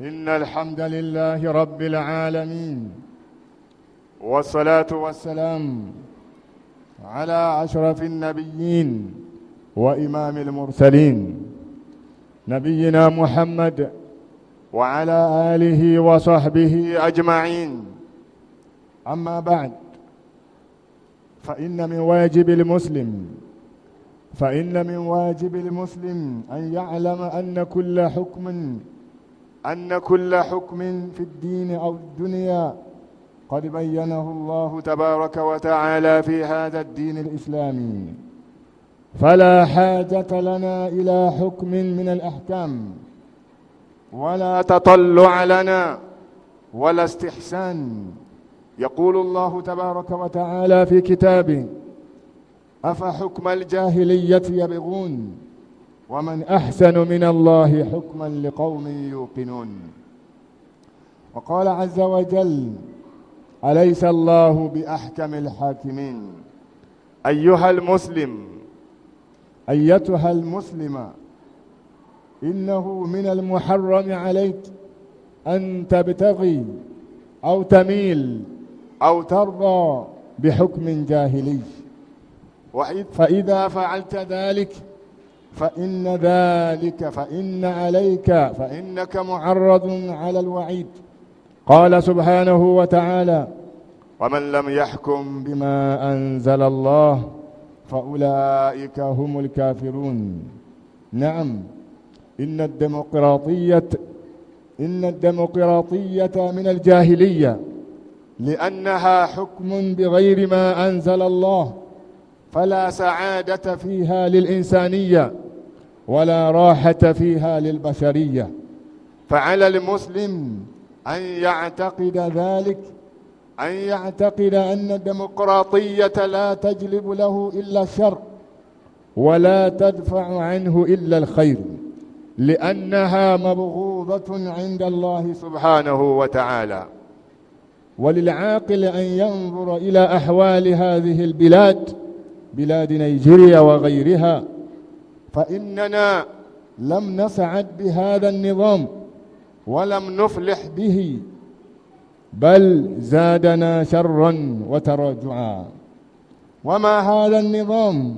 إن الحمد لله رب العالمين والصلاة والسلام على أشرف النبيين وإمام المرسلين نبينا محمد وعلى آله وصحبه أجمعين أما بعد فإن من واجب المسلم فإن من واجب المسلم أن يعلم أن كل حكم أن كل حكم في الدين أو الدنيا قد بينه الله تبارك وتعالى في هذا الدين الإسلامي فلا حاجة لنا إلى حكم من الأحكام ولا تطلع لنا ولا استحسان يقول الله تبارك وتعالى في كتابه أفحكم الجاهلية يبغون ومن أحسن من الله حكما لقوم يوقنون وقال عز وجل أليس الله بأحكم الحاكمين أيها المسلم أيتها المسلمة إنه من المحرم عليك أن تبتغي أو تميل أو ترضى بحكم جاهلي فإذا فعلت ذلك فإن ذلك فإن عليك فإنك معرض على الوعيد قال سبحانه وتعالى ومن لم يحكم بما أنزل الله فأولئك هم الكافرون نعم إن الديمقراطية إن الديمقراطية من الجاهلية لأنها حكم بغير ما أنزل الله فلا سعادة فيها للإنسانية ولا راحة فيها للبشرية فعلى المسلم أن يعتقد ذلك أن يعتقد أن الديمقراطية لا تجلب له إلا الشر ولا تدفع عنه إلا الخير لأنها مبغوضة عند الله سبحانه وتعالى وللعاقل أن ينظر إلى أحوال هذه البلاد بلاد نيجيريا وغيرها فإننا لم نسعد بهذا النظام ولم نفلح به بل زادنا شرا وتراجعا وما هذا النظام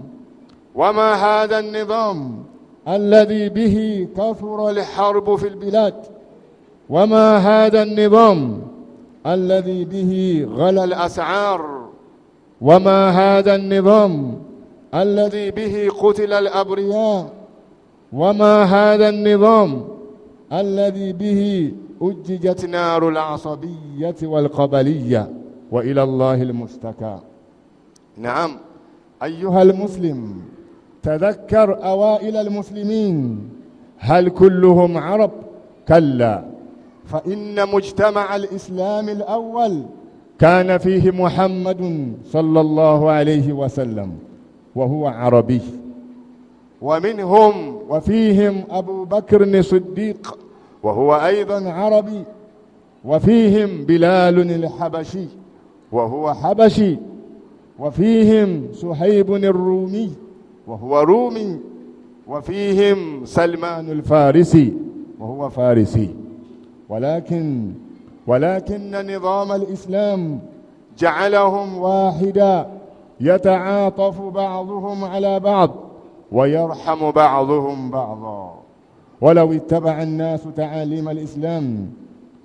وما هذا النظام الذي به كثر الحرب في البلاد وما هذا النظام الذي به غلى الأسعار وما هذا النظام الذي به قتل الأبرياء وما هذا النظام الذي به أججت نار العصبية والقبلية وإلى الله المستكى نعم أيها المسلم تذكر أوائل المسلمين هل كلهم عرب؟ كلا فإن مجتمع الإسلام الأول كان فيه محمد صلى الله عليه وسلم وهو عربي ومنهم وفيهم أبو بكر الصديق وهو أيضا عربي وفيهم بلال الحبشي وهو حبشي وفيهم سحيب الرومي وهو رومي وفيهم سلمان الفارسي وهو فارسي ولكن ولكن نظام الإسلام جعلهم واحدا يتعاطف بعضهم على بعض ويرحم بعضهم بعضا ولو اتبع الناس تعاليم الإسلام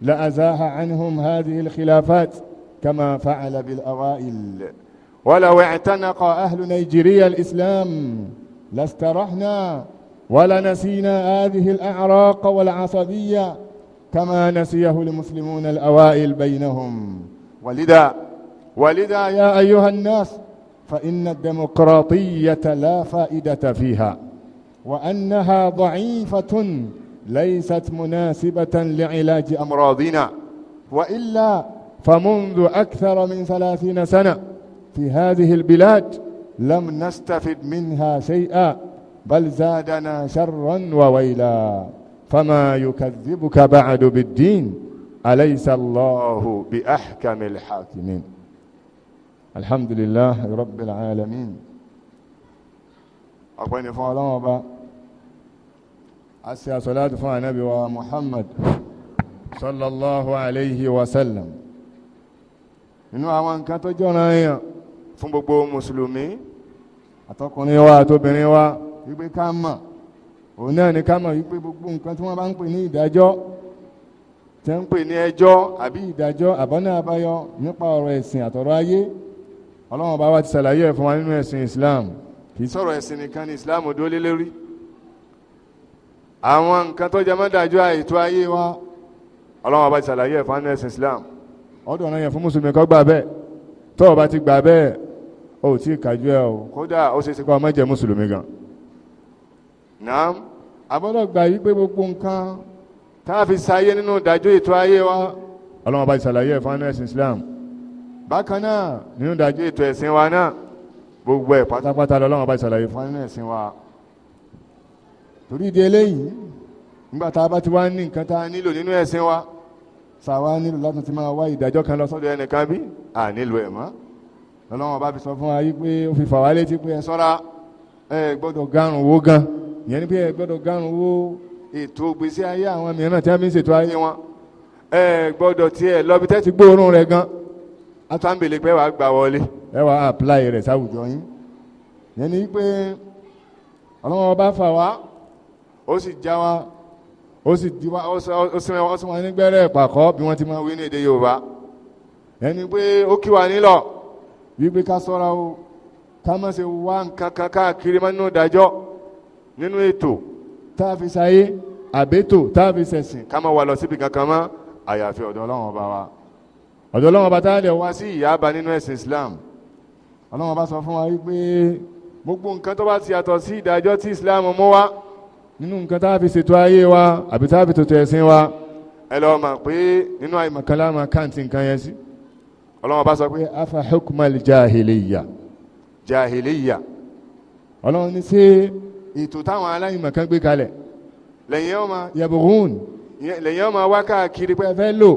لأزاه عنهم هذه الخلافات كما فعل بالأوائل ولو اعتنق أهل نيجيريا الإسلام لاسترحنا ولنسينا هذه الأعراق والعصبية كما نسيه المسلمون الأوائل بينهم ولذا ولذا يا أيها الناس فإن الديمقراطية لا فائدة فيها وأنها ضعيفة ليست مناسبة لعلاج أمراضنا وإلا فمنذ أكثر من ثلاثين سنة في هذه البلاد لم نستفد منها شيئا بل زادنا شرا وويلا fama yukadhibuka ba'du biddin alaysa allahu bi ahkamil hakimin alhamdulillah rabbil alamin ọpẹ́ ni fún Ọlọ́run ọba a ṣe àsọláàtì fún ànábì wa muhammad sallallahu alayhi wa sallam nínú àwọn nǹkan tó jọ́ra èèyàn fún gbogbo mùsùlùmí àtọkùnrin wa àtobìnrin wa wípé ká mọ̀ òun náà ni ká mọ̀ wípé gbogbo nǹkan tí wọ́n bá ń pè ní ìdájọ́ tí wọ́n ń pè ní ẹjọ́ àbí ìdájọ́ àbọ̀nà àbáyọ nípa ọ̀rọ̀ ẹ̀sìn àtọ̀rọ̀ ayé ọlọ́run bá wa ti ṣàlàyé ẹ̀ fún wa nínú ẹ̀sìn Islam kì í sọ̀rọ̀ ẹ̀sìn nìkan ni Islam dúró lé lórí àwọn nǹkan tó jẹ mọ́ ìdájọ́ ètò ayé wa ọlọ́run bá ti ṣàlàyé ẹ̀ fún nínú ẹ̀sìn Islam ọdún ọ̀nà yẹn fún mùsùlùmí kó gbà bẹ́ẹ̀ tó o bá ti gbà bẹ́ẹ̀ o ò tí ì kájú ẹ o kódà ó ṣe é ṣe kó o má jẹ mùsùlùmí gan. naam àbọ̀dọ̀ gbà yí pé gbogbo nǹkan tá a fi ṣayé nínú ìdájọ́ ètò ayé wa. ọlọ́run ìṣàlàyé ẹ̀ fún ẹ̀sìn Islam. bákan náà nínú ìdájọ́ ètò ẹ̀sìn wa náà gbogbo ẹ̀ pátápátá lọ́lọ́run ọba ìṣàlàyé fún ẹ̀sìn wa. torí ìdí eléyìí nígbà tá a bá ti wá ní nǹkan tá a nílò nínú ẹ̀sìn wa sàwa nílò láti ti máa wá ìdájọ́ kan lọ sọ́dọ̀ ẹnìkan bí à nílò ẹ̀ mọ́ lọ́lọ́run fi sọ fún wa yí pé ó fi fà wá létí pé ẹ ṣọ́ra ẹ gbọ́dọ̀ gárùn-ún wó gan-an yẹn ni pé ẹ gbọ́dọ̀ gárùn owó ètò gbèsè ayé àwọn mìíràn tí wọ́n fi ń ṣètò ayé wọn ẹ gbọ́dọ̀ tiẹ̀ lọ́bi tẹ́ ti gbóòórùn rẹ̀ gan atambele pé wàá gbà wọlé. ẹ wàá apply rẹ̀ sáwùjọ yín yẹn ni pé ọlọ́wọ́n bá fà wá ó sì já wa ó sì di wa ó sì wọ́n sún wa ní gbẹ́rẹ́ pàkọ́ bí wọ́n ti máa wí ní èdè Yorùbá ẹni pé ó kí wa nílọ̀ wípé ká sọ́ra o ká má ṣe wá nǹkan kan káàkiri má nínú ìdájọ́ nínú ètò tá a fi ṣayé àbẹ́tò tá a fi ṣẹ̀sìn ká má wà lọ síbi kankan mọ́ àyàfi ọ̀dọ̀ ọlọ́run ọba wa ọ̀dọ̀ ọlọ́run ọba táyà lè wá sí ìyáàbá nínú ẹ̀sìn Islam ọlọ́run ọba sọ fún wa wípé gbogbo nǹkan tó bá ti yàtọ̀ sí ìdájọ́ tí Islam mú wá nínú nǹkan tá a fi ṣètò ayé wa àbí tá a fi tòtò ẹ̀sìn wa ẹ lọ́ọ́ mọ̀ pé nínú àìmọ̀kànlá máa jahiliya jahiliya ọlọ́run ní ṣe ètò táwọn aláìmọ̀ kan gbé kalẹ̀ lẹ́yìn ọmọ yabuhun lẹ́yìn ọmọ wá káàkiri pé ẹ fẹ́ lò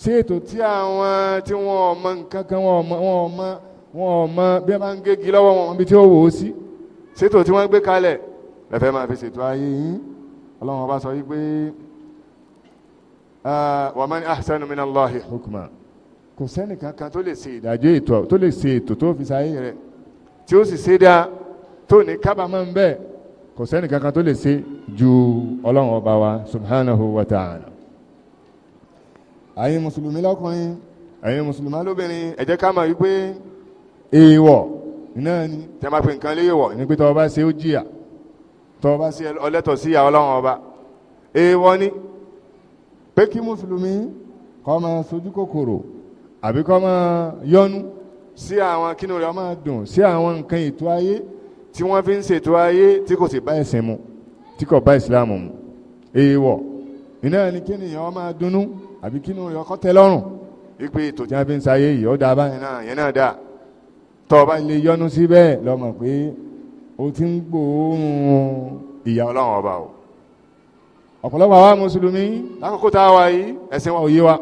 sí ètò tí àwọn tí wọn ọmọ nǹkan kan wọn ọmọ wọn ọmọ wọn ọmọ bí wọn bá ń gégi lọ́wọ́ wọn bí tí ó wò ó sí ṣètò tí wọ́n gbé kalẹ̀ ẹ máa fi ṣètò ayé yín ọlọ́run ọba sọ yí pé ah, wa man ahsanu minallahi hukma kò sẹ́nìkan kan tó lè ṣe ìdájọ́ ètò tó lè ṣe ètò tó fi ṣe ayé rẹ̀ tí ó sì ṣe dáa tó ní kábàámọ̀ ń bẹ́ẹ̀ kò sẹ́ni kankan tó lè ṣe ju ọlọ́run ọba wa subhanahu wa ta'ala. àyìn mùsùlùmí lọ́kùnrin àyìn mùsùlùmí lóbìnrin ẹ jẹ́ ká mọ̀ wípé èèwọ̀ náà ni tẹ́ máa fi nǹkan léèwọ̀ ní pé tọ́wọ́ bá ṣe ó jìyà tọ́wọ́ bá ṣe ọlẹ́tọ̀ sí ọlọ́run ọba èèwọ̀ ni pé kí mùsùlùmí kó máa sojú kòkòrò àbí kó máa yọnu sí àwọn kínú rẹ̀ ó máa dùn sí àwọn nǹkan ètò ayé tí wọ́n fi ń ṣètò ayé tí kò sì bá ẹ̀sìn mu tí kò bá ìsìláàmù mu èèwọ̀ iná ẹni kí nìyẹn máa dunnú àbí kí nìyẹn ọkọ tẹ́ lọ́rùn wípé ètò tí wọ́n fi ń ṣayé yìí ó dáa báyìí náà yẹn náà dáa tọ́ ọ bá lè yọnu sí bẹ́ẹ̀ lọ́mọ pé o ti ń gbòòrùn ìyá ọlọ́run ọba o ọ̀pọ̀lọpọ̀ àwa mùsùlùmí lákòókò tá a wà yìí ẹ̀sìn wa ò yé wa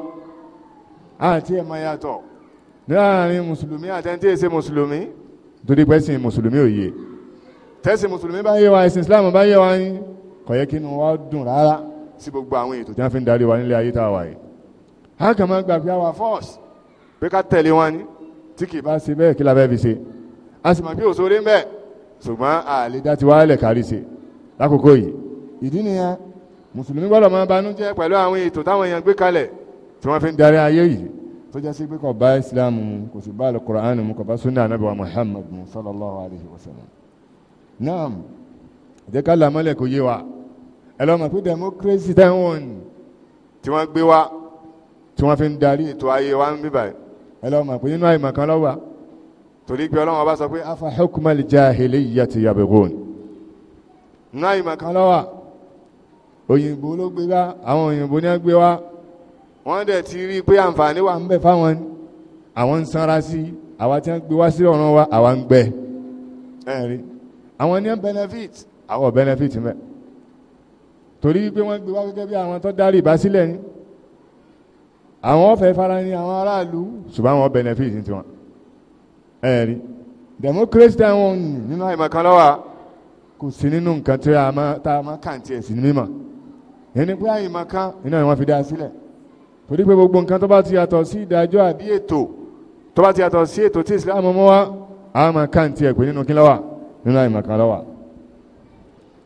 àti ẹ̀ máa yàtọ̀ láàrin mùsùlùmí àtẹ̀ntẹ̀ ṣe mùsùlùmí torí pẹ́sìn mùsùlùmí ò yé tẹ́sí mùsùlùmí bá yé wa ẹ̀sìn islam bá yé wa yín kò yẹ kí inú wa dùn rárá sí gbogbo àwọn ètò tí wọ́n fi ń darí wa nílé ayé tá a wà yìí. a kàn máa gbà àwa force pé ká tẹ̀lé wọn ni tí kì í bá ṣe bẹ́ẹ̀ kí la bẹ́ẹ̀ fi ṣe. a sì mọ̀ pé òṣèré ń bẹ̀ ṣùgbọ́n àlè dá ti wá lẹ̀ kárí ṣe lákòókò yìí. ìdí nìyẹn mùsùlùmí gbọ́dọ̀ máa banújẹ́ pẹ̀lú àwọn ètò táwọn èèyàn gbé kalẹ̀ tí wọ́n fi ń darí ayé yìí tó jẹ́ sí pé kò bá islam mu kò sì bá alukur'an mu kò bá sunnah anabi wa muhammad mu sallallahu alayhi wa sallam naam jẹ́ ká làmọ́lẹ̀ kò yé wa ẹ lọ́mọ pé democracy taiwan tí wọ́n gbé wa tí wọ́n fi ń darí ètò ayé wa ń bí báyìí ẹ lọ́mọ pé nínú àìmọ̀ kan lọ́wọ́ torí pé ọlọ́wọ́n bá sọ pé afa hukmal jahiliyyati yabghun nínú àìmọ̀ kan lọ́wọ́ òyìnbó ló gbé wa àwọn òyìnbó ní gbé wa wọ́n dẹ̀ ti rí i pé àǹfààní wà ń bẹ fáwọn àwọn ń sanra sí àwa tí wọ́n gbé wá sí ọ̀ràn wa àwa ń gbẹ ẹ̀rí àwọn ní benefit àwọn benefit mẹ́ torí pé wọ́n gbé wá gẹ́gẹ́ bí àwọn tó darí ìbásílẹ̀ ni àwọn ọ̀fẹ́ fara ní àwọn aráàlú ṣùgbọ́n àwọn benefit ní tiwọn ẹ̀rí democracy tí àwọn òyìn nínú àìmọ̀kan lọ́wọ́ kò sí nínú nǹkan tí a máa kàǹtì ẹ̀sìn ní mímọ̀ ẹni pé àìmọ̀kan iná ni wọ́n fi dá sílẹ̀ torí pé gbogbo nǹkan tó bá ti yàtọ̀ sí ìdájọ́ àbí ètò tó bá ti yàtọ̀ sí ètò tí Islam mọ́ wá àwọn máa kàǹtì ẹ̀ pé nínú kí lọ́wọ́ nínú àìmọ̀kan lọ́wà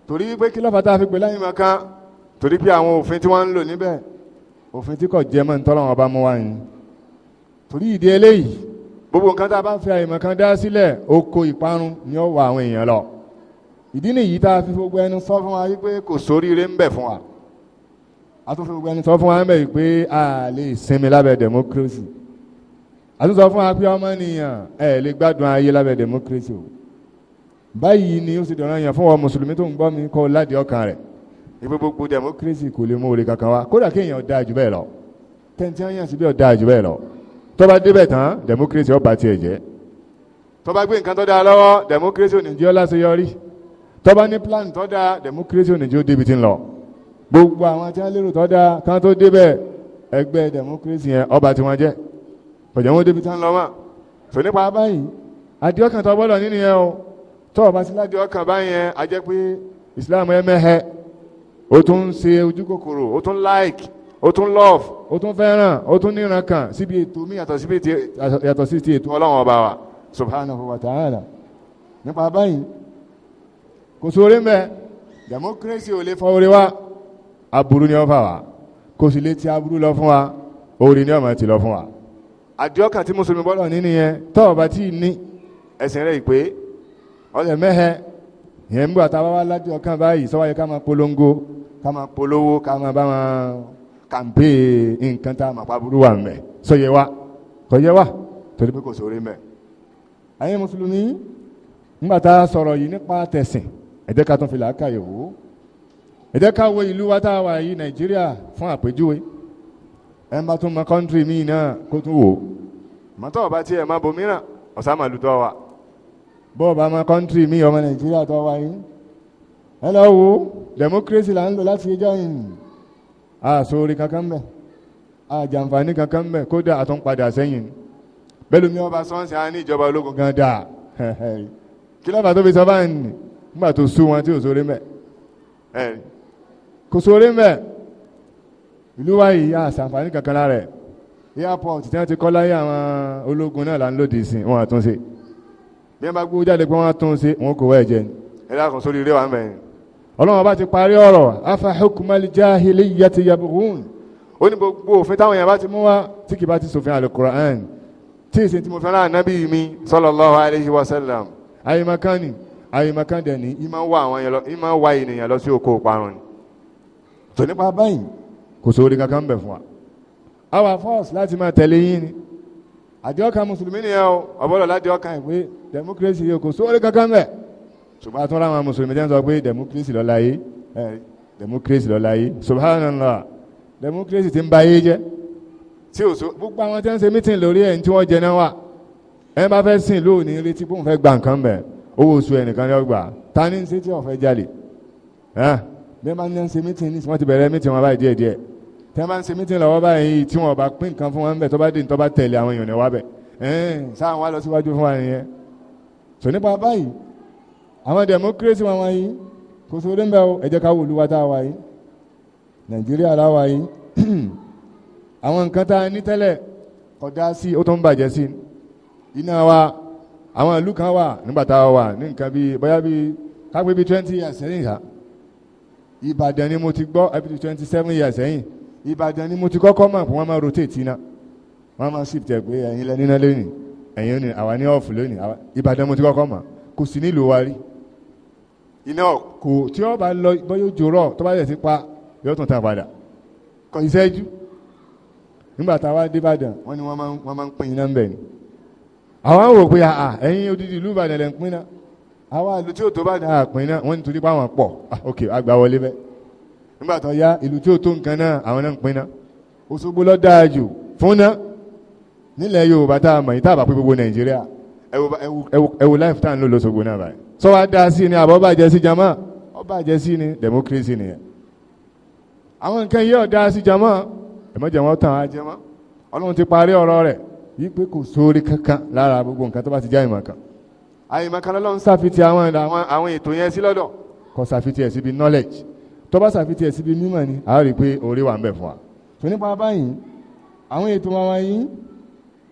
torí wípé kí lọ́fà tá a fi pè láìmọ̀kan torí pé àwọn òfin tí wọ́n ń lò níbẹ̀ òfin tí kò jẹ mọ́ ntọ́lọ́wọ́n bá mú wá yín torí ìdí eléyìí gbogbo nǹkan tá a bá ń fi àìmọ̀kan dá sílẹ̀ oko ìparun ni ó wà àwọn èèyàn lọ ìdí nìyí tá a fi gbogbo ẹnu sọ fún wa wípé kò sóríire ń bẹ fún wa a tún fi gbogbo ẹni sọ fún wa ń pé a lè sinmi lábẹ́ democracy a tún sọ fún wa pé ọmọnìyàn ẹ lè gbádùn ayé lábẹ́ democracy o báyìí ni ó sì dọ̀rọ̀ yàn fún wa mùsùlùmí tó ń gbọ́ mi kọ́ ládìí ọkàn rẹ̀ ibi gbogbo democracy kò lè mú orí kankan wá kódà kéèyàn dáa jù bẹ́ẹ̀ lọ tẹ̀ntì ayàn síbẹ̀ dáa jù bẹ́ẹ̀ lọ tó bá débẹ̀ tán democracy ó bà tiẹ̀ jẹ́ tó bá gbé nǹkan tó dáa lọ́wọ́ democracy ò ní jẹ́ ọláseyọrí tó bá ní plan tó dáa democracy ò ní jẹ́ ó débi tí ń lọ gbogbo àwọn tí wọ́n lérò tó dáa kan tó débẹ̀ ẹgbẹ́ democracy yẹn ó bà tí wọ́n jẹ́ kò jẹ́ wọ́n débi tí wọ́n lọ mọ́ sọ nípa báyìí àdìọ́kàn tó gbọ́dọ̀ nínú yẹn o tọ́ ọba sí ládìí ọkàn báyẹn a jẹ́ pé Islam ẹ mẹ́hẹ́ o tún ń ṣe ojú kòkòrò o tún like o tún love o tún fẹ́ràn o tún níran kan síbi ètò mi yàtọ̀ sí ti ètò Ọlọ́run ọba wa subhanahu wa ta'ala nípa báyìí kò sóore mẹ́ democracy ò lè fọ orí wa aburú ni ó fà wá kò sì lè ti aburú lọ fún wa orí ni ọmọ ti lọ fún wa àdìọ́kà tí mùsùlùmí bọ́lọ̀ ní nìyẹn tọ́ ọba tí ì ní ẹ̀sìn rẹ̀ ìpè ọ̀sẹ̀ mẹ́hẹ́ yẹn ń bọ̀ àtàwọn wá lájú ọkàn báyìí sọ́wọ́ yẹ ká máa polongo ká máa polówó ká máa bá máa kàǹpé nǹkan tá a máa pàbúrú wà mẹ́ sọyẹ wa kọyẹ wa torí pé kò sóore mẹ́. ayé mùsùlùmí ńgbà tá a sọ̀rọ̀ yìí nípa tẹ̀sìn ẹ jẹ́ ká tún fi làákàyè wò ó ẹ ká wo ìlú wa tá a wà yìí nàìjíríà fún àpèjúwe ẹ ń bá tún mọ kọ́ńtírì míì náà kó tún wò ó mọ́tò ọ̀bá bọ́ọ̀bù àmọ́ kọ́ńtírì mi ọmọ nàìjíríà tó wá yín ẹ wo democracy là ń lò láti ẹjọ́ yìí àsòrí kankan mbẹ àjàǹfààní kankan mbẹ kódà àtúnpadà sẹ́yìn bẹ́ẹ̀ mi ọba sọ́ọ̀sì á ní ìjọba ológun gan dà kí lọ́ba tó fi sọ báyìí nì nígbà tó sú wọn tí ò sóore mbẹ kò sóore mbẹ ìlú wa yìí àṣàǹfààní kankan lára ẹ̀ airport tí wọ́n ti kọ́ láyé àwọn ológun náà là ń lòdì sí wọn àtúnṣe bí wọ́n bá gbó jáde pé wọ́n tún un ṣe wọn kò wá ẹ̀jẹ̀ ni ẹ dákun sórí ilé wa ń bẹ̀yìn. ọlọ́run bá ti parí ọ̀rọ̀ afa hukmal jahiliyyati yabghun ó ní gbogbo òfin táwọn èèyàn bá ti mú wá tí kì bá ti ṣòfin alukur'an tí ìsìn tí mo fẹ́ràn ànábì mi sallallahu alayhi wa sallam àyèmọ̀kánì àyèmọ̀kánì ni ìmọ̀ wá àwọn yẹn lọ ìmọ̀ wá ènìyàn lọ sí oko parun ni tò nípa báyìí kò sóore kankan bẹ̀ fún wa our force láti máa tẹ̀lé yín ni àdìọ́kàn mùsùlùmí ni ẹ o ọ̀bọ̀lọ̀ ládìọ́kàn ìwé democracy yìí kò sóore kankan bẹ̀ ṣùgbọ́n àtúntò àwọn mùsùlùmí jẹ́ ń sọ pé democracy lọ́la yìí democracy lọ́la yìí subhanallah democracy ti ń ba yé jẹ́ tí o so gbogbo àwọn tí wọ́n ṣe meeting lórí ẹ̀ tí wọ́n jẹ náà wà ẹ bá fẹ́ sìn lónìí retí bóun fẹ́ gba nǹkan bẹ̀ owó oṣù ẹnìkan ni ó gbà ta ni ń ṣe tí wọ́n fẹ́ jalè bí wọ́n bá ń ṣe meeting ní wọ́n ti bẹ̀rẹ̀ meeting wọn báyìí díẹ̀díẹ̀ tí wọ́n bá ń ṣe mítìn lọ́wọ́ báyìí tí wọ́n bá pín nǹkan fún wọn bẹ̀ tó bá dé tó bá tẹ̀lé àwọn èèyàn níwá bẹ̀ sáà wọn lọ síwájú fún wa nìyẹn tò nípa báyìí àwọn democracy wọn wáyé kò sóore ń bẹ o ẹ jẹ́ ká wò olúwa tá a wáyé nàìjíríà la wáyé àwọn nǹkan tá a ní tẹ́lẹ̀ kọjá sí ó tó ń bàjẹ́ sí iná wa àwọn ìlú kan wà nígbà tá a wà ní nǹkan bíi bóyá bíi kápẹ́ bíi twenty years sẹ́yìn ṣá ìbàdàn ni mo ti gbọ́ ẹ bíi twenty seven years sẹ́yìn ìbàdàn ni mo ti kọ́kọ́ mọ̀ wọ́n máa rotate iná wọ́n máa shift ẹ̀ pé ẹ̀yin lẹ́ni iná lónìí ẹ̀yin ní àwa ní ọ̀fù lónìí ìbàdàn mo ti kọ́kọ́ mọ̀ kò sí nílùú wa rí iná kò tí ó bá lọ bọ́yọ̀ jòrọ̀ tó bá yẹ̀ sí pa yóò tún ta padà kọ ìṣẹ́jú nígbà táwa dé ìbàdàn wọ́n ní wọ́n máa ń pín iná ń bẹ̀ ni àwọn wò pé àà ẹ̀yin odidi ìlú ìbàdàn lẹ́ ń pín náà àwọn àlùtí òtó bá dà náà wọ́n nítorí nígbà tó yá ìlú tí ó tó nǹkan náà àwọn náà ń pinna Òṣogbo lọ dáa jù fúnná nílẹ̀ Yorùbá tá a mọ̀ yìí tá a bá pé gbogbo Nàìjíríà ẹwù láìpẹ́ tá à ń lò lọ́sọ̀gbò náà báyìí sọ wá dáa sí ni àbọ̀ bàjẹ́ sí jama ọbàjẹ́ sí ni democracy nìyẹn àwọn nǹkan yìí ọ̀dá sí jama ẹ̀mọ́jẹ̀ wọn tàn á jẹ́ mọ́ Ọlọ́run ti parí ọ̀rọ̀ rẹ̀ yí pé kò sóore kankan lára gbogbo nǹkan tó bá ti jẹ́ àyìnbọn kan àyìnbọn kan lọ́lọ́run ṣàfitì àwọn ètò yẹn sí lọ́dọ̀ kò ṣàfitì ẹ̀ síbi knowledge tọ́ba ṣàfihàn síbi mímọ̀ ni a rí i pé orí wà ń bẹ̀ fún wa. tó nípa báyìí àwọn ètò àwọn yìí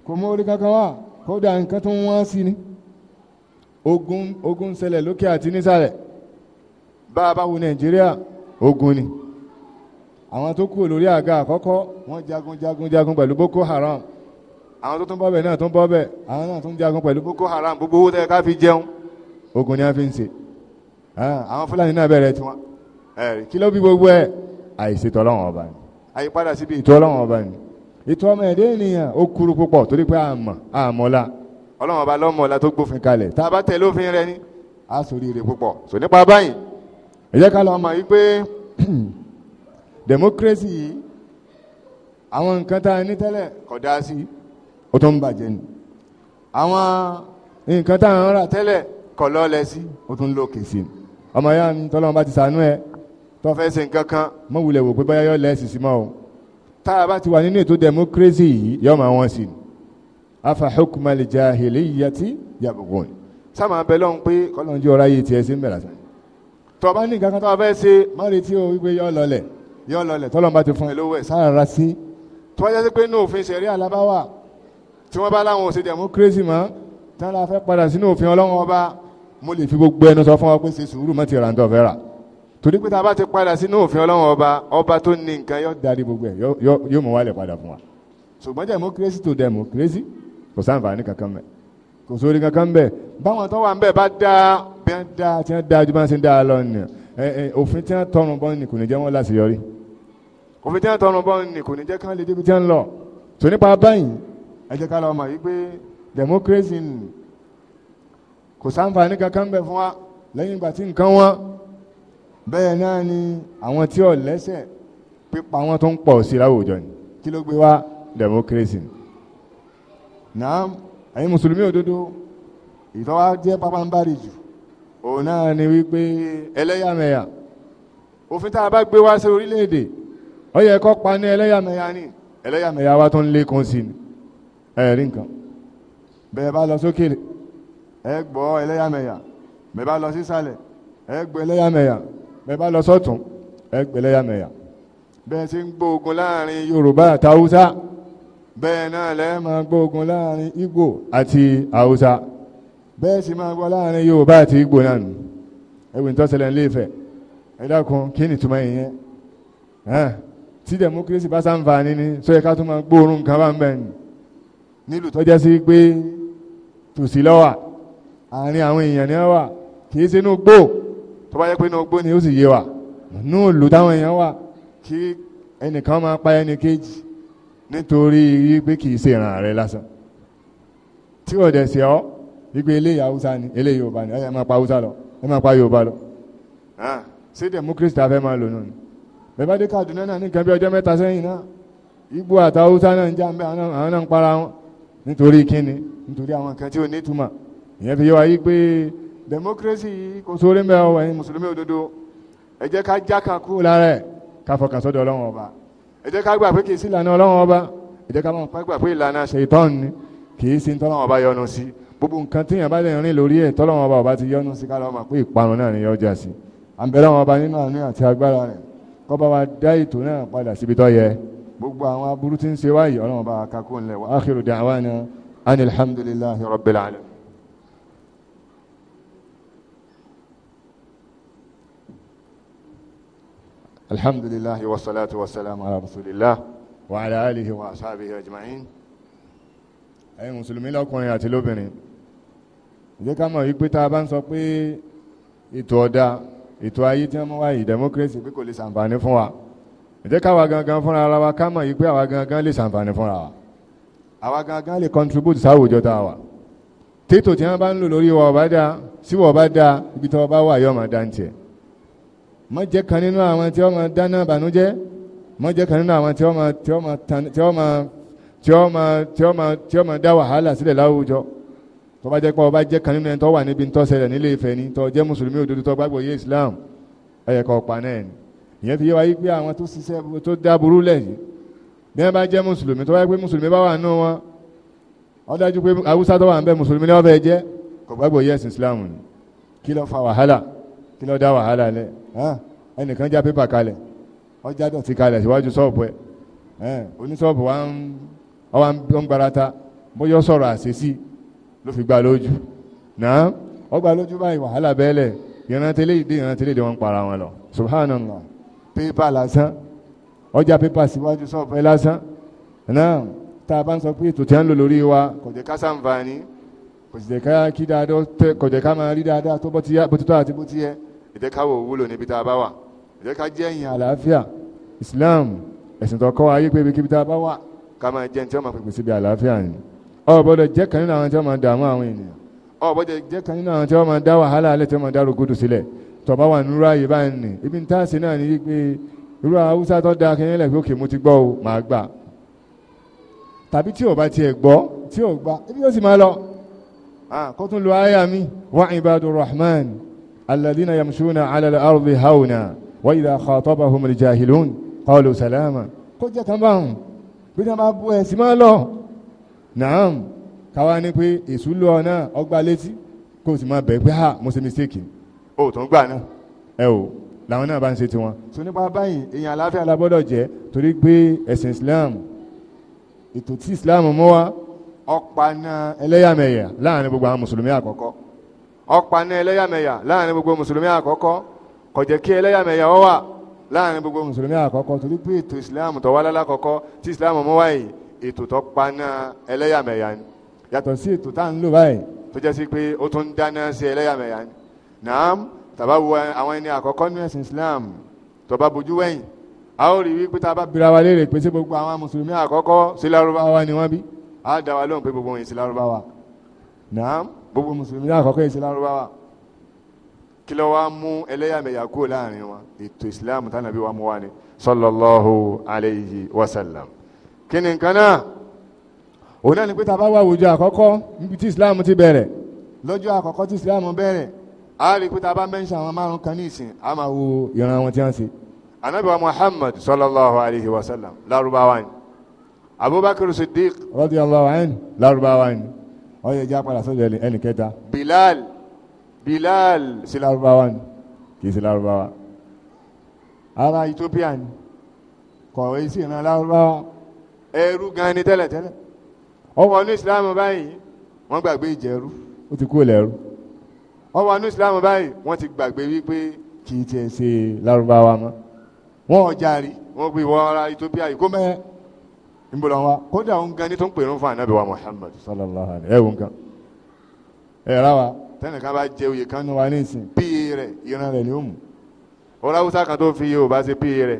kò mú orí kankan wá kódà nǹkan tó ń wọ́n sí ni ogun ogun ń ṣẹlẹ̀ lókè àti nísàlẹ̀ bá a bá wo Nàìjíríà ogun ni àwọn tó kúrò lórí àga àkọ́kọ́ wọ́n jagun jagun jagun pẹ̀lú Boko Haram àwọn tó tún bọ́ bẹ̀ náà tún bọ́ bẹ̀ àwọn náà tún jagun pẹ̀lú Boko Haram gbogbo owó tẹ́ ká fi jẹun ogun ni wọ́n fi ń ṣe àwọn Fúlàní náà bẹ̀rẹ̀ tiwọn Kilo kí ló bí gbogbo ẹ àìṣètò ọlọ́run ọba ni àyípadà síbi ìtọ́ ọlọ́run ọba ni ìtọ́ ọmọ ẹ̀dẹ́ ènìyàn ó kúrú púpọ̀ torí pé àmọ̀ àmọ́lá ọlọ́run ọba lọ́mọ̀ọ́lá tó gbófin kalẹ̀ tá a bá tẹ̀lé òfin rẹ̀ ni a sòrí rẹ̀ púpọ̀ sò nípa báyìí ẹ jẹ́ ká lọ mọ̀ yìí pé democracy yìí àwọn nǹkan tá a ní tẹ́lẹ̀ kò dá sí ó tó ń bàjẹ́ ni àwọn nǹkan tá a ń rà tẹ́lẹ̀ kò lọ́ọ̀lẹ́ sí ó tún lókè sí ọmọ yá mi tọ́lọ́mọba ti sànú ẹ̀ tó fẹ́ ṣe nǹkan kan. mo wulẹ̀ wò pé báyọ̀ yọ lẹ́sìn sí o tá a bá ti wà nínú ètò democracy yìí yọ máa wọ́n sí ni afa hukmal jahiliyyati yabghun sábà bẹ lọ́n pé kọ́lọ́n jẹ́ ọ̀rá yìí tiẹ̀ sí mẹ́ra sàn. tó bá ní nǹkan kan tó bá fẹ́ ṣe má retí o wípé yọ lọlẹ̀ yọ lọlẹ̀ tọ́lọ́n bá ti fún ẹ lówó ẹ̀ sára sí tó bá jẹ́ pé inú òfin ṣẹ̀rí alábáwà tí wọ́n bá láwọn ò ṣe democracy mọ́ tí wọ́n padà sínú òfin ọlọ́wọ́n ọba mo lè fi gbogbo ẹnu sọ fún ọ pé ṣe sùúrù mọ́ ti torí pé tá a bá ti padà sínú òfin ọlọ́run ọba ọba tó ní nǹkan yóò darí gbogbo ẹ̀ yóò mú wálẹ̀ padà fún wa ṣùgbọ́n democracy to democracy kò sáǹfààní kankan mẹ́ kò sórí kankan bẹ́ẹ̀ báwọn tó wà ń bẹ̀ bá dá bí wọ́n dá tí wọ́n dá ju bá ń ṣe dá lọ nìyẹn òfin tí wọ́n tọrùn bọ́ ni kò ní jẹ́ wọ́n láṣeyọrí òfin tí wọ́n tọrùn bọ́ ni kò ní jẹ́ kán lè débi tí wọ́n lọ tó nípa báyìí ẹ jẹ́ ká lọ mọ̀ wípé democracy kò sáǹfààní kankan bẹ́ẹ̀ fún wa lẹ́yìn ìgbà tí nǹkan wọn bẹ́ẹ̀ náà ni àwọn tí ò lẹ́sẹ̀ pípa wọn tó ń pọ̀ sí láwùjọ ni kí ló gbé wá democracy náà ẹ̀yin mùsùlùmí òdodo ìtọ́wá jẹ́ pápánbárì jù òun náà ni wípé ẹlẹ́yàmẹ̀yà òfin tá a bá gbé wá sí orílẹ̀-èdè ó yẹ kó pa ní ẹlẹ́yàmẹ̀yà ni ẹlẹ́yàmẹ̀yà wa tó ń lékún sí ni ẹ̀rí nǹkan bẹ́ẹ̀ bá lọ sókè ẹ gbọ́ ẹlẹ́yàmẹ̀yà bẹ́ẹ̀ bá lọ sísàlẹ̀ ẹ gbọ́ ẹlẹ́yàmẹ̀yà bẹ́ẹ̀ bá lọ sọ́tún ẹ gbẹlẹ́yàmẹ̀yà bẹ́ẹ̀ ti ń gbógun láàrin Yorùbá àti Haúsá bẹ́ẹ̀ náà lẹ́ẹ̀ máa gbógun láàrin Ìgbò àti Haúsá bẹ́ẹ̀ sì máa gbọ́ láàrin Yorùbá àti Ìgbò náà nù ẹ̀wì ń tọ́sẹ̀lẹ̀ ń léèfẹ̀ ẹ dákun kí ni ìtumọ̀ yìí yẹn tí democracy bá sàǹfààní ni sọ yẹ ká tún máa gbóòórùn nǹkan bá ń bẹ̀ ni nílùú tọ́já sí pé tòsí lọ́wà àárín àwọn èèyàn ni wọ́n wà kì í ṣe inú tó bá yẹ pé inú gbó ni ó sì yé wa nínú ìlú táwọn èèyàn wà kí ẹnìkan máa pa ẹnì kejì nítorí pé kì í ṣe ìran rẹ lásán tí ò dẹ̀ sí ọ wípé eléyìí haúsá ni eléyìí yorùbá ni ẹ máa pa haúsá lọ ẹ máa pa yorùbá lọ ṣé democracy ta fẹ́ máa lò náà ni bẹ́ẹ̀ bá dé Kaduna náà ní nǹkan haúsá náà ń jà àwọn náà ń para wọn nítorí kíni nítorí àwọn kan tí ò ní ìtumọ̀ ìyẹn fi yé wa yí pé democracy kò sóore mbẹ o ẹ̀yin mùsùlùmí òdodo ẹ jẹ́ ká já kan kúrò lára ẹ̀ ká fọkàn sọ́dọ̀ Ọlọ́run ọba ẹ jẹ́ ká gbà pé kì í sí ìlànà Ọlọ́run ọba ẹ jẹ́ ká máa gbà pé ìlànà ṣèitán ni kì í sí tọ́lọ́run ọba yọ́nú sí gbogbo nǹkan téèyàn bá lè rìn lórí ẹ̀ tọ́lọ́run ọba ọba ti yọ́nú sí kálọ mọ̀ pé ìparun náà ni yọ jà sí àǹbẹ̀rẹ̀ wọn ọba nínú الحمد لله والصلاة والسلام على رسول الله وعلى آله وأصحابه أجمعين أي مسلمين lọ́kùnrin àti lóbìnrin ǹjẹ́ ká mọ̀ wípé tá a bá ń sọ pé ètò ọ̀dà ètò ayé tí wọ́n mú wáyé democracy pé kò lè ṣàǹfààní fún wa ǹjẹ́ káwa gangan fúnra ara wa ká mọ̀ wípé àwa gangan lè ṣàǹfààní fúnra wa àwa gangan lè contribute sáwùjọ tá a wà tètò tí wọ́n bá ń lò lórí wa ọ̀bá dáa síwọ̀ ọ̀bá dáa ibi tí wọ́n bá wà yọ̀ máa dá ń tiẹ̀ má jẹ́ kan nínú àwọn tí wọ́n máa dáná bànújẹ́ má jẹ́ kan nínú àwọn tí wọ́n máa tí wọ́n máa tí wọ́n máa tí wọ́n máa tí wọ́n tí wọ́n dá wàhálà sílẹ̀ láwùjọ tó bá jẹ́ pé ọba jẹ́ kan nínú ẹni tó wà níbi tó ṣẹlẹ̀ nílé Ifẹ̀ ni tó jẹ́ mùsùlùmí òdodo tó gbàgbọ́ yé Islam ẹ̀yẹ kan ọ̀pá náà ni ìyẹn fi yé wa yí pé àwọn tó ṣiṣẹ́ tó dá burú lẹ̀ yìí bí wọ́n bá jẹ́ mùsùlùmí tó bá yẹ pé mùsùlùmí bá wà nù wọn ó dájú pé Haúsá tó wà ń bẹ mùsùlùmí ni wọ́n fẹ́ jẹ́ kò gbàgbọ́ yé Islam ni kí ló fa wàhálà kí ló dá wàhálà lẹ ẹnìkan já pépà kalẹ̀ ọjà dọ̀tí kalẹ̀ síwájú ṣọ́ọ̀bù ẹ̀ oníṣọ́ọ̀bù wa ń gbarata bóyá sọ̀rọ̀ àṣesí ló fi gbà lójú náà ọgbà lójú báyìí wàhálà bẹ́ẹ̀lẹ̀ ìrántẹ́lẹ̀ ìdí ìrántẹ́lẹ̀ ìdí wọn ń para wọn lọ subhanallah pépà lásán ọjà pépà síwájú ṣọ́ọ̀bù ẹ̀ lásán náà tá a bá ń sọ pé ètò tí a ń lò lórí wa kò jẹ́ ká sàǹfààní kò sì jẹ́ ká kí dáadọ́ kò jẹ́ ká máa rí dáadáa tó bó ti tó àti bó ti yẹ ìjẹ́káwò wúlò níbi tá a bá wà ìjẹ́ká jẹ́ ìyìn àlàáfíà Islam ẹ̀sìn tó kọ́ ayé pé ibi kíbi tá a bá wà ká máa jẹ́ tí wọ́n máa pèpè síbi àlàáfíà ni ọ̀ gbọ́dọ̀ jẹ́ kan nínú àwọn tí wọ́n máa dààmú àwọn ènìyàn ọ̀ gbọ́dọ̀ jẹ́ kan nínú àwọn tí wọ́n máa dá wàhálà alẹ́ tí wọ́n máa dá rògbòdò sílẹ̀ tó bá wà nírú ààyè báyìí ni ibi tá a ṣe náà ni pé irú haúsá tó da kí nílẹ̀ pé òkè mo ti gbọ́ o màá gbà tàbí rahman الذين يمشون على الأرض هونا وإذا خاطبهم الجاهلون قالوا سلاما kó jẹ́ kan báhùn pé náà máa bu ẹ̀sìn máa lọ naam káwa ni pé èṣù lọ náà ọgbà létí kó o sì máa bẹ̀ pé ha mo ṣe mistake o tó ń gbà náà ẹ o làwọn náà bá ń ṣe tiwọn. so nípa báyìí èèyàn àlàáfíà la gbọ́dọ̀ jẹ́ torí pé ẹ̀sìn Islam ètò tí Islam mú wa ọ̀pá náà ẹlẹ́yàmẹ̀yà láàrin gbogbo àwọn mùsùlùmí àkọ́kọ́ ọ̀pàná ẹlẹ́yàmẹ̀yà láàrin gbogbo mùsùlùmí àkọ́kọ́ kò jẹ́ kí ẹlẹ́yàmẹ̀yà ọ wà láàrin gbogbo mùsùlùmí àkọ́kọ́ torí pé ètò ìsìláàmù tó wá lálákọ́kọ́ tí ìsìláàmù mú wáyé ètò tó paná ẹlẹ́yàmẹ̀yà ni yàtọ̀ sí ètò tá à ń lò báyìí tó jẹ́ sí pé ó tún dáná sí ẹlẹ́yàmẹ̀yà ni naam tàbá wo àwọn ẹni àkọ́kọ́ ní ẹ̀sìn islam tó bá bojú wẹ̀yìn a ó rí wípé tá a bá bira wa ni wọ́n bí a dá wa lóhùn pé gbogbo mùsùlùmí àkọ́kọ́ ìṣe lárúbáwá kí ló wá mú ẹlẹ́yàmẹ̀yà kúrò láàrin wọn ètò ìsìláàmù tí Ànábì wa mú wá ni sallallahu alayhi wa sallam kí ni nǹkan náà òun náà ni pé tàbá wà àwùjọ àkọ́kọ́ níbi tí ìsìláàmù ti bẹ̀rẹ̀ lọ́jọ́ àkọ́kọ́ tí ìsìláàmù bẹ̀rẹ̀ a rí i pé tàbá mẹ́ńṣà àwọn márùn kan ní ìsìn a máa wo ìran àwọn tí wọ́n ṣe. Ànábì wa Muhammad sallallahu alayhi wa sallam ni Abubakar Siddiq radiyallahu anhu lárúbáwá ni ọyẹ ìjà padà sọ́dọ̀ ẹnì kẹta. Bilal Bilal. silarubawa. Lárúbáwá ni kì í sí Lárúbáwá ara Ethiopia ni kọ̀wé sí ìran Lárúbáwá ẹrú gan ni tẹ́lẹ̀tẹ́lẹ̀ ó wọnú Islam báyìí wọ́n gbàgbé ìjẹrú. ó ti kú ẹlẹ́rú. ó wọnú Islam báyìí wọ́n ti gbàgbé wípé kì í tiẹ̀ ṣe Lárúbáwá mọ́ wọ́n ọjà rí wọ́n gbé wọ́n ara Ethiopia yìí kó mẹ́rin nbola wa kódà òun gan ni tó ń pè anabi wa muhammad sallallahu alayhi wa sallam ẹ wọn kan ẹ yàrá wa tẹnìkan bá jẹ oyè kan ní wa nísìn píye rẹ ìran rẹ ni ó mú ọlọ awúsá kan tó fi yorùbá ṣe píye rẹ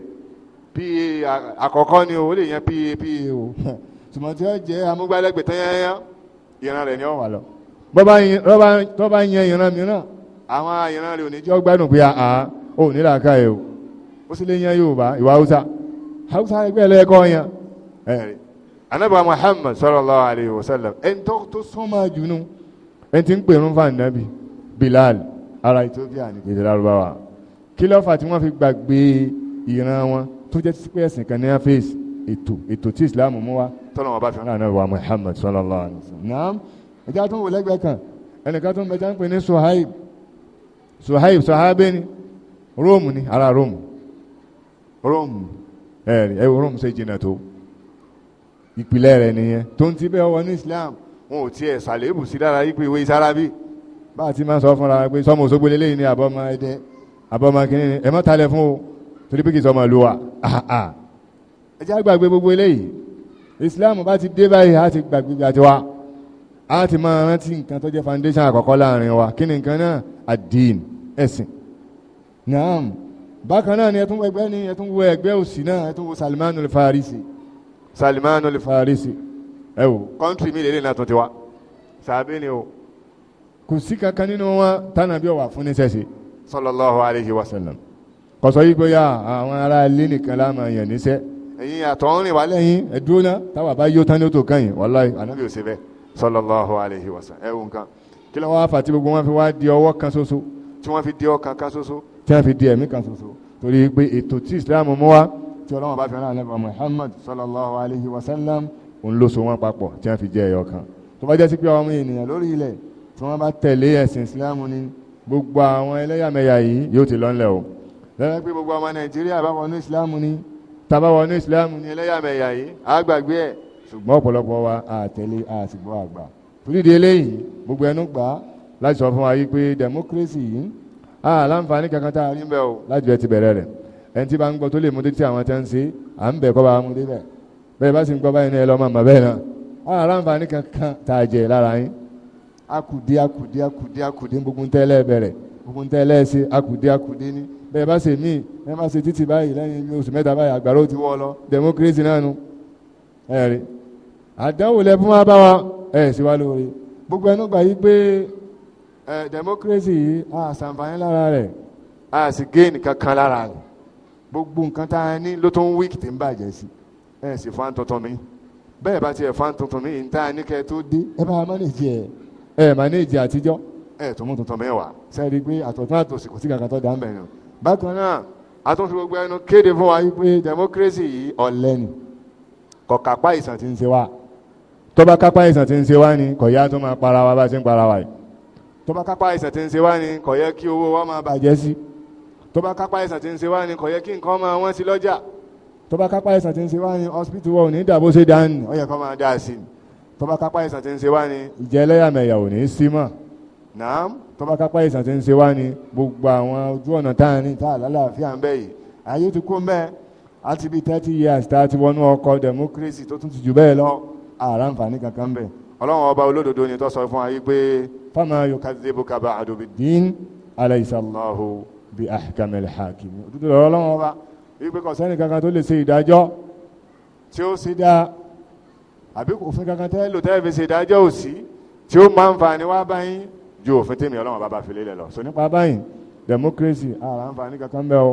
píye àkọ́kọ́ ni o ó lè yan píye píye o a ó jẹ́ amúgbálẹ́gbẹ̀ tán yányán ìran rẹ ni ó wà lọ tó bá yan ìran mìíràn àwọn ìran rẹ ò ní jẹ́ ọgbádùn pé àá ò ní làákàyè o ó sì lè yan yorùbá ìwà haúsá haúsá ẹgbẹ́ ẹlẹ́kọ́ anabiwa muhammad sallallahu alayhi wa sallam ẹni tó tó sọ́mọ́ àjùnú ẹni tí ń pè ń fa nàbì bilal ara ethiopia ní kejì lárúbáwá kí ló fà tí wọ́n fi gbàgbé ìran wọn tó jẹ́ sí pé ẹ̀sìn kan ní àfẹ́sì ètò ètò tí islam mú wa tọ́lọ́wọ́n bá fi hàn anabiwa muhammad sallallahu alayhi wa sallam naam ẹja tó ń wò lẹ́gbẹ̀ẹ́ kan ẹnìkan tó ń bẹ̀ta ń pè ní suhaib suhaib sahabe ni róòmù ni ara róòmù róòmù ẹ̀ẹ́dì ẹ̀wọ̀ róòmù ṣe jìnnà tó ìpìlẹ̀ rẹ̀ nìyẹn tó ń ti bẹ́ẹ̀ wọ ní Islam wọn ò tiẹ̀ ṣàlébù sí dára yí pé ìwé ìsárábì bá a ti máa sọ fúnra pé sọmọ Òṣogbo lélẹ́yìn ni àbọ̀mọ ẹdẹ àbọ̀mọ kìnìún ẹ mọ́ talẹ̀ fún o torí pé kì í sọmọ lu wa ẹ jẹ́ àgbàgbé gbogbo eléyìí Islam bá ti dé báyìí a ti gbàgbé àti wa a ti máa rántí nǹkan tó jẹ́ foundation àkọ́kọ́ láàrin wa kí ni nǹkan náà àdín ẹ̀sìn naam bákan náà ni ẹ tún wo ẹgbẹ́ ni ẹ tún wo ẹgbẹ́ òsì náà ẹ tún wo Salman farisi Salmanu al-Farisi ẹ wò kọ́ńtì mi lè lè nà tó ti wá sàbí ni o kò sí kankan nínú wọn tánàbí ọwà fún ní sẹ́sì sallallahu alayhi wa sallam kọ̀sọ́ yìí bóyá àwọn ará ilé nìkan láàmà yàn níṣẹ́ ẹ̀yin àtọ̀ ń rìn wá lẹ́yìn ẹ̀dúró náà táwa bá yóò tánú tó kàn yín wallahi ànábì ò sí bẹ́ẹ̀ sallallahu wa sallam ẹ̀wù nǹkan. kí ló wáá fà gbogbo wọn fi wá di ọwọ́ kan ṣoṣo. tí wọ́n fi di ọkàn kan ṣoṣo. tí wọ́n fi di ẹ̀mí tí ọlọ́run bá fi rán ànábì Muhammad sallallahu alayhi wa sallam òun ló so wọn papọ̀ tí wọ́n fi jẹ́ ẹyọ kan tó bá jẹ́ sí pé ọmọ ènìyàn lórí ilẹ̀ tí wọ́n bá tẹ̀lé ẹ̀sìn Islam ni gbogbo àwọn ẹlẹ́yàmẹ̀yà yìí yóò ti lọ́nlẹ̀ o lọ́nà pé gbogbo ọmọ Nàìjíríà bá wọnú Islam ni tá wọnú Islam ni ẹlẹ́yàmẹ̀yà yìí á gbàgbé ẹ̀ ṣùgbọ́n ọ̀pọ̀lọpọ̀ ẹni tí bá ń gbọ́ tó lè mú títí àwọn tẹ́ ń ṣe à ń bẹ̀ kọ́ bá mú débẹ̀ bẹ́ẹ̀ bá sì ń gbọ́ báyìí ní ẹ lọ́mọ màbẹ́ náà ara àǹfààní kankan tá a jẹ lára yín akùdé akùdé akùdé akùdé gbogbo ntẹ́lẹ̀ bẹ̀rẹ̀ gbogbo ntẹ́lẹ̀ ṣe akùdé akùdé ní bẹ́ẹ̀ bá ṣe míì ẹ má ṣe títí báyìí lẹ́yìn oṣù mẹ́ta báyìí àgbàrá ó ti wọ́ lọ democracy náà nu ẹ̀rí àdánwò wa bá wa ẹ̀ sì wá lóore gbogbo ẹnu gbà yí pé democracy yìí a lára rẹ̀ a sì kankan lára rẹ̀ gbogbo nǹkan tá a ní ló tó ń wíìkì tí ń bàjẹ́ sí ẹ sì fan tuntun mi bẹ́ẹ̀ bá tiẹ̀ fan tuntun mi ń tá a ní kẹ́ ẹ tó dé ẹ bá a mánéèjì ẹ ẹ mánéèjì àtijọ́ ẹ tó mú tuntun mẹ́wàá sẹ́ẹ̀rí pé àtọ̀tún àtòsí kò sí kankan tó dá ń bẹ̀rẹ̀ bákan náà àtúnfi gbogbo ẹnu kéde fún wa pé democracy yìí ọ̀lẹ́ ni kò kápá ìsàn tí ń ṣe wá tó bá kápá ìsàn tí ń ṣe wá ni kò yá tó máa para wa bá ṣe ń para wa yìí tó bá kápá ìsàn tí ń ṣe wá ni kò yẹ kí owó wa máa bàjẹ́ sí. Si tó bá kápá ẹ̀sán ti ń ṣe wá ni kò yẹ kí nǹkan máa wọ́n sí lọ́jà tó kápá ẹ̀sán ti ń ṣe wá ni hospital wa ò ní dàbó ṣe dání ó yẹ kó máa dá sí i tó bá kápá ẹ̀sán ti ń ṣe wá ni ìjẹ́ ẹlẹ́yàmẹ̀yà ò ní sí mọ́ náà tó bá kápá ẹ̀sán ti ń ṣe wá ni gbogbo àwọn ojú ọ̀nà tá à ní tá à lálàáfíà ń bẹ yìí ayé ti kó mbẹ́ àti bíi thirty years tá a ti wọnú ọkọ̀ democracy tó tún ti jù bẹ́ẹ̀ lọ àrà àǹfààní kankan bẹ́ẹ̀ ọlọ́run ọba olódodo ni tó sọ fún ayé pé. fama yukadhibuka ba'du biddin alaysa Allahu bí ahkamil hakimi òdodo lọ́rọ̀ Ọlọ́run ọba wípé kò sẹ́ni kankan tó lè ṣe ìdájọ́ tí ó sì dáa àbí òfin kankan tẹ́ lò tẹ́ fi ṣe ìdájọ́ òsì tí ó máa ń fa ni wá báyìí ju òfin tèmi Ọlọ́run bá bá fi lélẹ̀ lọ so nípa báyìí democracy àrà ń fa ní kankan bẹ́ẹ̀ o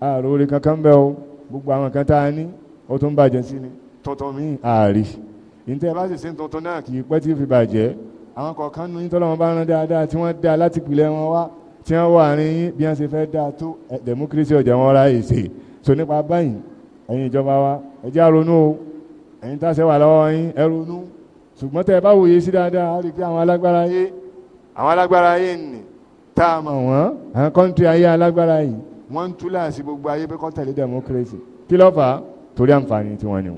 àrò orí kankan bẹ́ẹ̀ o gbogbo àwọn kan tá a ní ó tún bàjẹ́ sí ni tuntun míì àárí ìtẹ́ bá sì sí tuntun náà kì í pẹ́ tí fi bàjẹ́ àwọn kọ̀ọ̀kan ní tọ́lọ́wọ́n bá rán dáadáa tí wọ́n dá láti pìlẹ̀ wọn wá tí wọ́n wà ní yín bí wọ́n ṣe fẹ́ dáa tó democracy ọ̀jẹ̀ wọn ra èsè so nípa báyìí ẹ̀yin ìjọba wa ẹ jẹ́ àrònú o ẹ̀yin táṣẹ wà lọ́wọ́ yín ẹ ronú ṣùgbọ́n tẹ́ ẹ bá wòye sí dáadáa á rí i àwọn alágbára ayé àwọn alágbára ayé nì tá a mọ̀ wọ́n àwọn kọ́ńtì ayé alágbára yìí wọ́n ń tú láàsì gbogbo ayé pé kó tẹ̀lé democracy kí ló fà á torí àǹfààní tiwọn ni o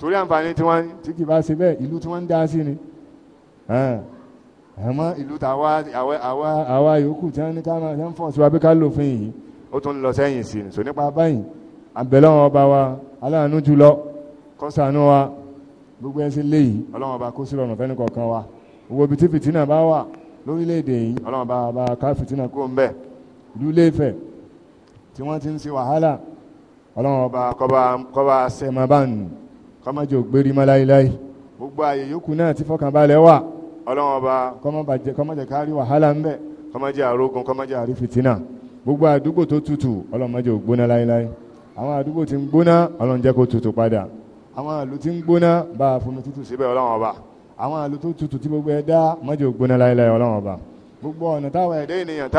torí àǹfààní tiwọn tí kì bá ṣe bẹ́ẹ̀ ìlú tí wọ́n ń dá sí ni àmọ́ ìlú tàwa àwa àwa yòókù tí wọ́n ní ká máa ń fọ̀ síwájú pé ká lòfin yìí ó tún lọ sẹ́yìn sí i sọ nípa báyìí àbẹ̀lọ́wọ́n ọba wa aláàánú jùlọ kọ́sàánú wa gbogbo ẹsẹ̀ léyìí ọlọ́wọ́n ọba kó sí ọ̀nà fẹ́ni kọ̀ọ̀kan wa owó ibi tí fìtínà bá wà lórílẹ̀‐èdè yìí ọlọ́wọ́n ọba bá ká fìtínà kó ń bẹ̀ ìlú ilé tí wọ́n ti ń ṣe wàhálà ọlọ́wọ́n ọba kọ́ba sẹ́mọ́ bá kọ́mọ́jọ́ gbérí mọ́ gbogbo àyè yòókù náà ti fọkànbalẹ̀ wà ọlọ́run ọba. kọ́mọ bàjẹ́ kọ́mọ jẹ́ kárí wàhálà ń bẹ̀ kọ́mọ jẹ́ àrógun kọ́mọ jẹ́ àrí fìtínà gbogbo àdúgbò tó tutù ọlọ́run má jẹ́ ó gbóná láéláé àwọn àdúgbò tí ń gbóná ọlọ́run jẹ́ kó tutù padà àwọn àlù tí ń gbóná bá a fomi tutù síbẹ̀ ọlọ́run ọba àwọn àlù tó tutù tí gbogbo ẹ̀ dá má jẹ́ ó gbóná láéláé ọlọ́run gbogbo ọ̀nà táwọn ẹ̀dẹ́ ènìyàn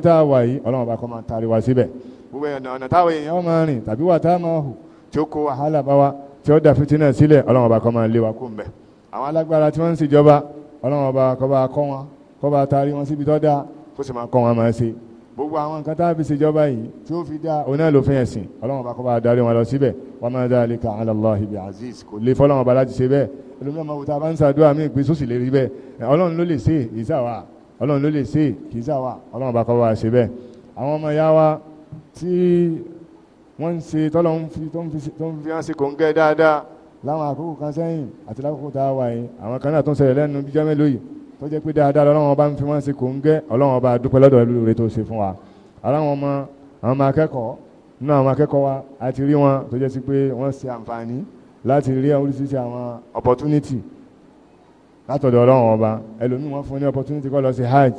tá tá tari wá síbẹ̀ gbogbo ọ̀nà táwọn èèyàn máa rìn tàbí tí ó kó wàhálà wa tí ó dá fìtínà sílẹ̀ ọlọ́run ọba máa lé wa kó ń bẹ̀ àwọn alágbára tí wọ́n ń ṣèjọba ọlọ́run ọba kọba kọ́ wọn kọba taari wọn síbi tó dáa kó sì máa kọ́ wọn máa ṣe gbogbo àwọn nǹkan tá a fi ṣèjọba yìí tí ó fi dáa òun náà ló fẹ́yẹ̀ sìn ọlọ́run ọba kọba darí wọn lọ síbẹ̀ wa ma dhalika ala Allahi bi aziz kò lè fọlọ́run ọba láti ṣe bẹ́ẹ̀ ẹlòmíà máa wò tá a bá ń ṣàdúrà mí pé sósì lè rí bẹ́ẹ̀ ọlọ́run ló lè ṣe kì wa tí wọ́n ń ṣe tọ́lọ́ ń fi tó ń fi hàn láwọn àkókò kan sẹ́yìn àti lákòókò tá a wà yìí àwọn kan náà tó ń ṣẹlẹ̀ lẹ́nu bíjá mélòó yìí tó jẹ́ pé dáadáa ọlọ́run ọba ń fi wọ́n ṣe kò ń gẹ́ ọlọ́run ọba dúpẹ́ lọ́dọ̀ ìlú rẹ tó ṣe fún wa aláwọn ọmọ àwọn ọmọ akẹ́kọ̀ọ́ nínú àwọn akẹ́kọ̀ọ́ wa a ti rí wọn tó jẹ́ sí pé wọ́n ṣe àǹfààní láti rí oríṣiríṣi àwọn opportunity látọ̀dọ̀ ọlọ́run ọba ẹlòmíì wọ́n fún ní opportunity kọ́ lọ sí hajj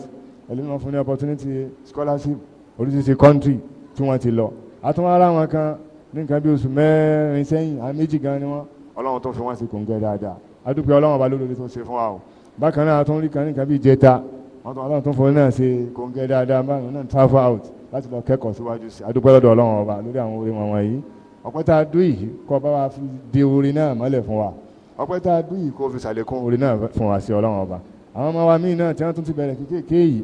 ẹlòmíì wọ́n fún ní opportunity scholarship oríṣiríṣi country tí wọ́n ti lọ àtúnwá ara wọn kan ní nǹkan bí oṣù mẹ́rin sẹ́yìn àmì méjì gan ni wọ́n ọlọ́run tó fi wọ́n sí kòńgẹ́ dáadáa adúpẹ́ ọlọ́run bá lórí tó ṣe fún wa o bákan náà tó ń rí kan bíi jẹta ọlọ́run tó fún náà ṣe kòńgẹ́ dáadáa bákan náà travel out láti lọ kẹ́kọ̀ọ́ síwájú sí adúpẹ́ lọ́dọ̀ ọlọ́run ọba lórí àwọn orin wọn wọ̀nyí ọpẹ́ tá a dú yìí kó bá wa fi de orin náà mọ́lẹ̀ fún wa ọpẹ́ tá a dú yìí kó fi ṣàlékún orin náà fún wa sí ọlọ́run ọba àwọn ọmọ wa míì náà tí wọ́n tún ti bẹ̀rẹ̀ kéékèèké yìí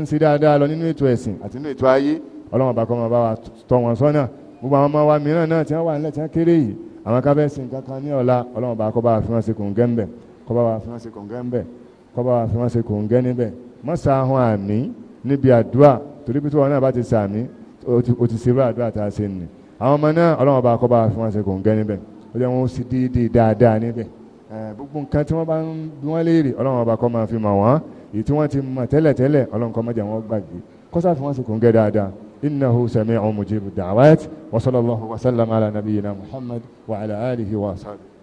ń ṣe dáadáa lọ nínú ètò ẹ̀sìn àti nínú ètò ayé ọlọ́run ọba kó máa bá wa tọ́ wọn sọ́nà gbogbo àwọn ọmọ wa mìíràn náà tí wọ́n wà nílẹ̀ tí wọ́n kéré yìí àwọn kábẹ́sì nǹkan kan ní ọ̀la ọlọ́run bá kó bá wa fi wọ́n ṣe kòǹgẹ́ ńbẹ̀ kó bá wa fi wọ́n ṣe kòǹgẹ́ ńbẹ̀ kó bá wa fi wọ́n ṣe kòǹgẹ́ níbẹ̀ mọ́sà ahọ́n àmì níbi àdúrà torí pé tí wọn náà bá ti sàmì o ti ṣerú àdúrà tá a ṣe nì àwọn ọmọ náà ọlọ́run bá kó bá wa fi wọ́n ṣe kòǹgẹ́ níbẹ̀ ó jẹ́ wọn ó sì déédéé dáadáa níbẹ̀ gbogbo nǹkan tí wọ́n bá ń bí wọ́n léèrè ọlọ́run ọba kó máa fi mọ̀ wọ́n èyí tí wọ́n ti mọ̀ tẹ́lẹ̀tẹ́lẹ̀ ọlọ́run kó má jẹ́ wọn gbàgbé kó sáà fi wọ́n ṣe kòǹgẹ́ dáadáa إنه سميع مجيب الدعوات وصلى الله وسلم على نبينا محمد وعلى آله وصحبه